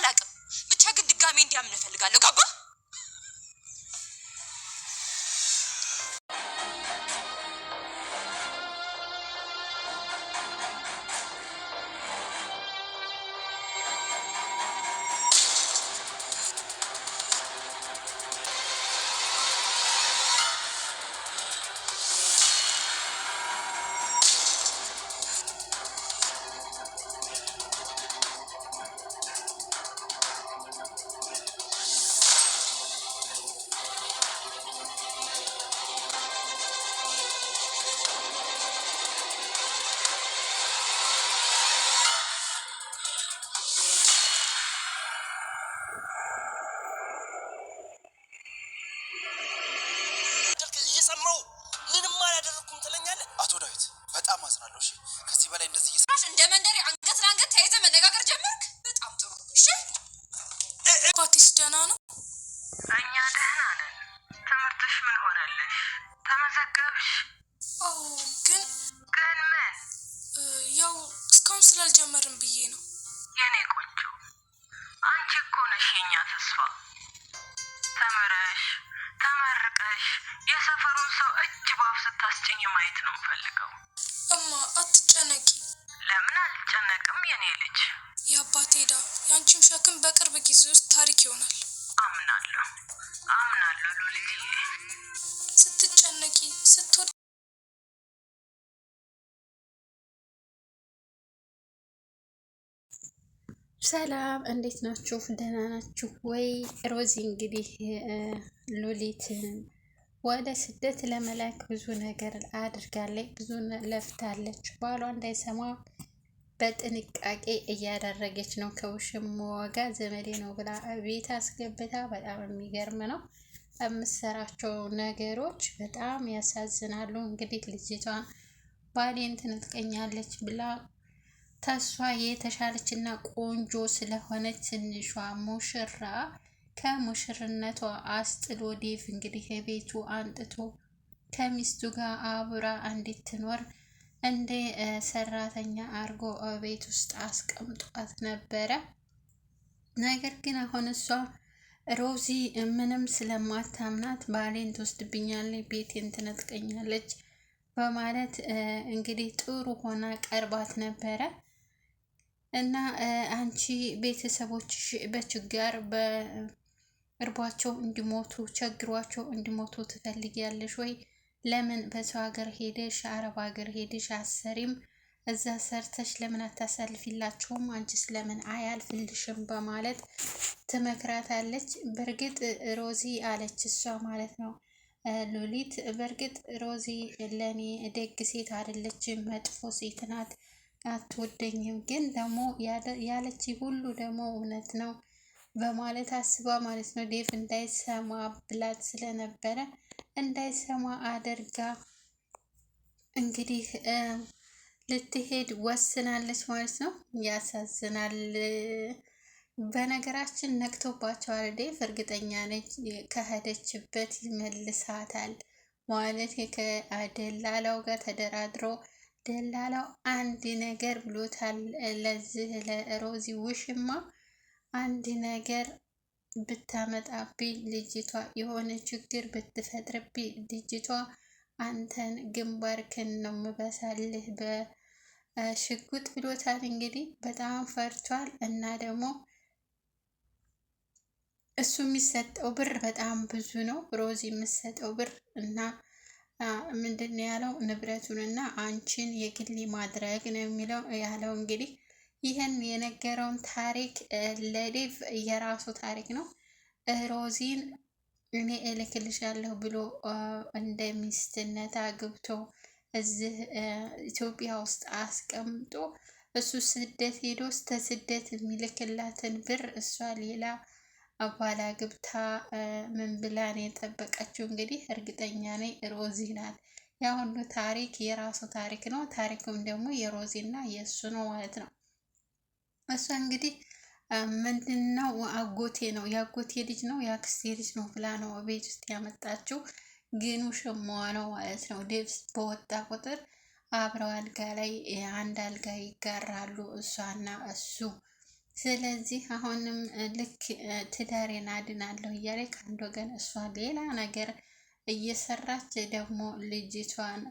አላቅም። ብቻ ግን ድጋሜ እንዲያምን እፈልጋለሁ። ገባህ? አትጨነቂ። ለምን አልጨነቅም የኔ ልጅ። የአባቴ ዕዳ የአንቺም ሸክም በቅርብ ጊዜ ውስጥ ታሪክ ይሆናል። አምናለሁ፣ አምናለሁ ሉሊት። ስትጨነቂ ስትወድ ሰላም እንዴት ናችሁ? ደህና ናችሁ ወይ? ሮዚ እንግዲህ ሉሊት ወደ ስደት ለመላክ ብዙ ነገር አድርጋለች፣ ብዙ ለፍታለች። ባሏ እንዳይሰማ በጥንቃቄ እያደረገች ነው። ከውሽም ጋር ዘመዴ ነው ብላ ቤት አስገብታ፣ በጣም የሚገርም ነው የምትሰራቸው ነገሮች፣ በጣም ያሳዝናሉ። እንግዲህ ልጅቷን ባሌን ትነጥቀኛለች ብላ ተሷ የተሻለች እና ቆንጆ ስለሆነች ትንሿ ሙሽራ ከሙሽርነቷ አስጥሎ ዴቭ እንግዲህ የቤቱ አንጥቶ ከሚስቱ ጋር አብራ እንድትኖር እንደ ሰራተኛ አርጎ ቤት ውስጥ አስቀምጧት ነበረ። ነገር ግን አሁን እሷ ሮዚ ምንም ስለማታምናት ባሌን ትወስድብኛለች፣ ቤቴን ትነጥቀኛለች በማለት እንግዲህ ጥሩ ሆና ቀርባት ነበረ እና አንቺ ቤተሰቦችሽ በችጋር እርቧቸው እንዲሞቱ ቸግሯቸው እንዲሞቱ ትፈልጊያለሽ ወይ? ለምን በሰው ሀገር ሄደሽ አረብ ሀገር ሄደሽ አሰሪም እዛ ሰርተሽ ለምን አታሳልፊላቸውም? አንቺስ ለምን አያልፍልሽም? በማለት ትመክራታለች። በእርግጥ ሮዚ አለች እሷ ማለት ነው ሉሊት። በእርግጥ ሮዚ ለእኔ ደግ ሴት አይደለች፣ መጥፎ ሴት ናት፣ አትወደኝም። ግን ደግሞ ያለች ሁሉ ደግሞ እውነት ነው በማለት አስባ ማለት ነው ዴቭ እንዳይሰማ ብላት ስለነበረ እንዳይሰማ አድርጋ እንግዲህ ልትሄድ ወስናለች ማለት ነው። ያሳዝናል። በነገራችን ነቅቶባቸዋል። ዴቭ እርግጠኛ ነች ከሄደችበት ይመልሳታል ማለት ከደላላው ጋር ተደራድሮ ደላላው አንድ ነገር ብሎታል ለዚህ ለሮዚ ውሽማ አንድ ነገር ብታመጣብኝ ልጅቷ የሆነ ችግር ብትፈጥርብኝ ልጅቷ አንተን ግንባርክን ነው ምበሳልህ በሽጉጥ ብሎታል። እንግዲህ በጣም ፈርቷል እና ደግሞ እሱ የሚሰጠው ብር በጣም ብዙ ነው። ሮዚ የምሰጠው ብር እና ምንድን ነው ያለው ንብረቱን እና አንቺን የግሌ ማድረግ ነው የሚለው ያለው እንግዲህ ይህን የነገረውን ታሪክ ለዴቭ የራሱ ታሪክ ነው። ሮዚን እኔ እልክልሻለሁ ብሎ እንደ ሚስትነት አግብቶ እዚህ ኢትዮጵያ ውስጥ አስቀምጦ እሱ ስደት ሄዶ እስከ ስደት የሚልክላትን ብር እሷ ሌላ አባላ ግብታ ምን ብላን የጠበቀችው እንግዲህ እርግጠኛ ነኝ ሮዚ ናት። ያ ሁሉ ታሪክ የራሱ ታሪክ ነው። ታሪኩም ደግሞ የሮዚና የእሱ ነው ማለት ነው። እሷ እንግዲህ ምንድነው አጎቴ ነው የአጎቴ ልጅ ነው የአክስቴ ልጅ ነው ብላ ነው ቤት ውስጥ ያመጣችው። ግን ውሽማዋ ነው ማለት ነው። ልብስ በወጣ ቁጥር አብረው አልጋ ላይ አንድ አልጋ ይጋራሉ እሷና እሱ። ስለዚህ አሁንም ልክ ትዳሬን አድናለሁ እያለ ከአንድ ወገን እሷ ሌላ ነገር እየሰራች ደግሞ ልጅቷን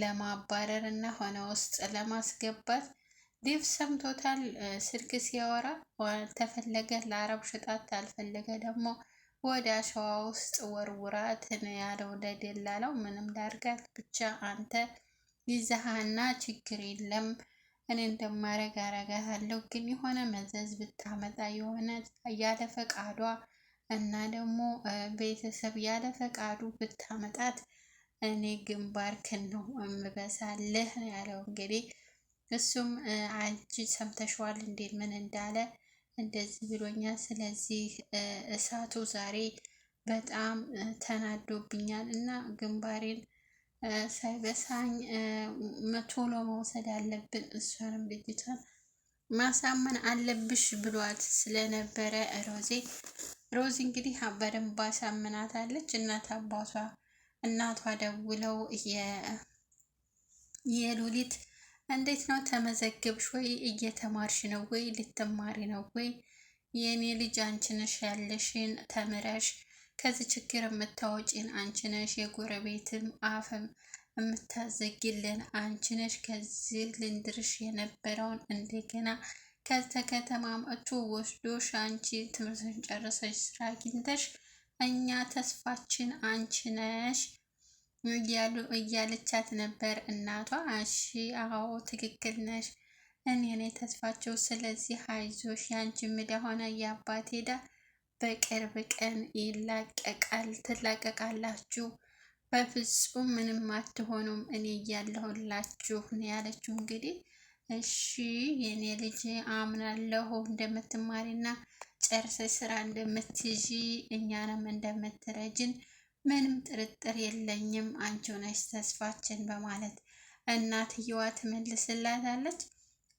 ለማባረር እና ሆነ ውስጥ ለማስገባት ዴቭ ሰምቶታል። ስልክ ሲያወራ ተፈለገ ለአረብ ሽጣት፣ አልፈለገ ደግሞ ወደ አሸዋ ውስጥ ወርውራት ነው ያለው ለደላለው። ምንም ላርጋት ብቻ አንተ ይዛሃና ችግር የለም እኔ እንደማረግ አረጋታለሁ። ግን የሆነ መዘዝ ብታመጣ የሆነ ያለ ፈቃዷ እና ደግሞ ቤተሰብ ያለ ፈቃዱ ብታመጣት እኔ ግንባር ክን ነው እምበሳልህ ያለው እንግዲህ እሱም አንቺ ሰምተሽዋል እንዴ ምን እንዳለ እንደዚህ ብሎኛል። ስለዚህ እሳቱ ዛሬ በጣም ተናዶብኛል እና ግንባሬን ሳይበሳኝ ቶሎ መውሰድ አለብን፣ እሷንም ልጅቷን ማሳመን አለብሽ ብሏት ስለነበረ ሮዜ ሮዚ እንግዲህ በደንብ አሳምናታለች። እናት አባቷ እናቷ ደውለው የሉሊት እንዴት ነው ተመዘገብሽ ወይ? እየተማርሽ ነው ወይ? ልትማሪ ነው ወይ? የእኔ ልጅ አንቺ ነሽ ያለሽን ተምረሽ ከዚህ ችግር የምታወጪን አንቺ ነሽ፣ የጎረቤትም አፍም የምታዘግልን አንቺ ነሽ። ከዚህ ልንድርሽ የነበረውን እንደገና ከተከተማ መጥቶ ወስዶሽ አንቺ ትምህርትን ጨርሰሽ ስራ አግኝተሽ እኛ ተስፋችን አንቺ ነሽ እያለቻት ነበር እናቷ። እሺ አዎ ትክክል ነሽ፣ እኔ ነኝ ተስፋቸው። ስለዚህ አይዞሽ፣ ያንቺ ምድ ሆነ የአባት ሄዳ በቅርብ ቀን ይላቀቃል፣ ትላቀቃላችሁ። በፍጹም ምንም አትሆኑም፣ እኔ እያለሁላችሁ ነው ያለችው። እንግዲህ እሺ የኔ ልጅ አምናለሁ እንደምትማሪና ጨርሰ ስራ እንደምትይዢ እኛንም እንደምትረጅን ምንም ጥርጥር የለኝም አንቺው ነሽ ተስፋችን በማለት እናትየዋ ትመልስላታለች።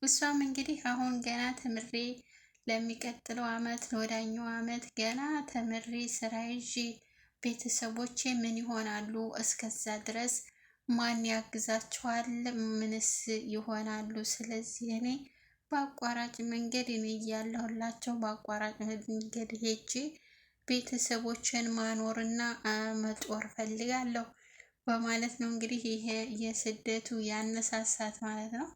እሷም እንግዲህ አሁን ገና ተምሬ ለሚቀጥለው አመት ለወዳኛው አመት ገና ተምሬ ስራ ይዤ ቤተሰቦቼ ምን ይሆናሉ? እስከዛ ድረስ ማን ያግዛቸዋል? ምንስ ይሆናሉ? ስለዚህ እኔ በአቋራጭ መንገድ እኔ እያለሁላቸው በአቋራጭ መንገድ ሄጄ ቤተሰቦችን ማኖርና መጦር ፈልጋለሁ በማለት ነው እንግዲህ ይሄ የስደቱ ያነሳሳት ማለት ነው።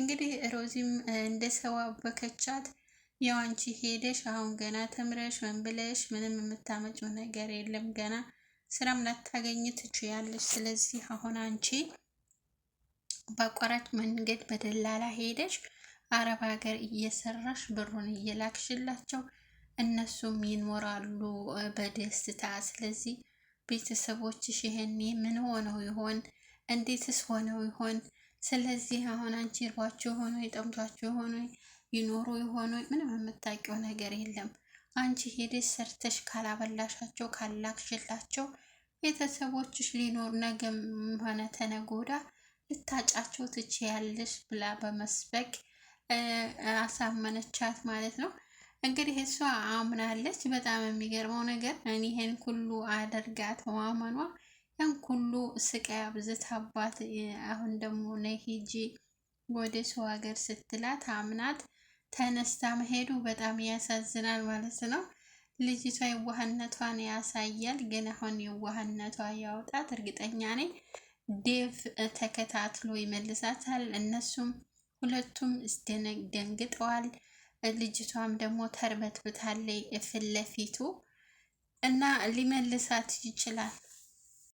እንግዲህ ሮዚም እንደሰባበከቻት ያው አንቺ ሄደሽ አሁን ገና ተምረሽ ምን ብለሽ ምንም የምታመጭው ነገር የለም ገና ስራም ላታገኝ ትችያለሽ። ስለዚህ አሁን አንቺ በአቋራጭ መንገድ በደላላ ሄደሽ አረብ ሀገር እየሰራሽ ብሩን እየላክሽላቸው እነሱም ይኖራሉ በደስታ። ስለዚህ ቤተሰቦችሽ ይህኔ ምን ሆነው ይሆን? እንዴትስ ሆነው ይሆን? ስለዚህ አሁን አንቺ እርቧችሁ ሆኖ ጠምቷችሁ ሆኖ ይኖሩ ይሆኑ ምንም የምታውቂው ነገር የለም። አንቺ ሄደሽ ሰርተሽ ካላበላሻቸው ካላክሽላቸው ቤተሰቦችሽ ሊኖር ነገም ሆነ ተነጎዳ ልታጫቸው ትችያለሽ ብላ በመስበክ አሳመነቻት ማለት ነው። እንግዲህ እሷ አምናለች። በጣም የሚገርመው ነገር እኔ ኩሉ ሁሉ አደርጋት ማመኗ ያን ሁሉ ስቃይ አብዝታባት፣ አሁን ደግሞ ነሂጂ ወደ ሰው ሀገር ስትላት አምናት ተነስታ መሄዱ በጣም ያሳዝናል ማለት ነው። ልጅቷ የዋህነቷን ያሳያል። ግን አሁን የዋህነቷ ያውጣት፣ እርግጠኛ ነኝ ዴቭ ተከታትሎ ይመልሳታል። እነሱም ሁለቱም ደንግጠዋል። ልጅቷም ደግሞ ተርበት ፊት ለፊቱ እና ሊመልሳት ይችላል።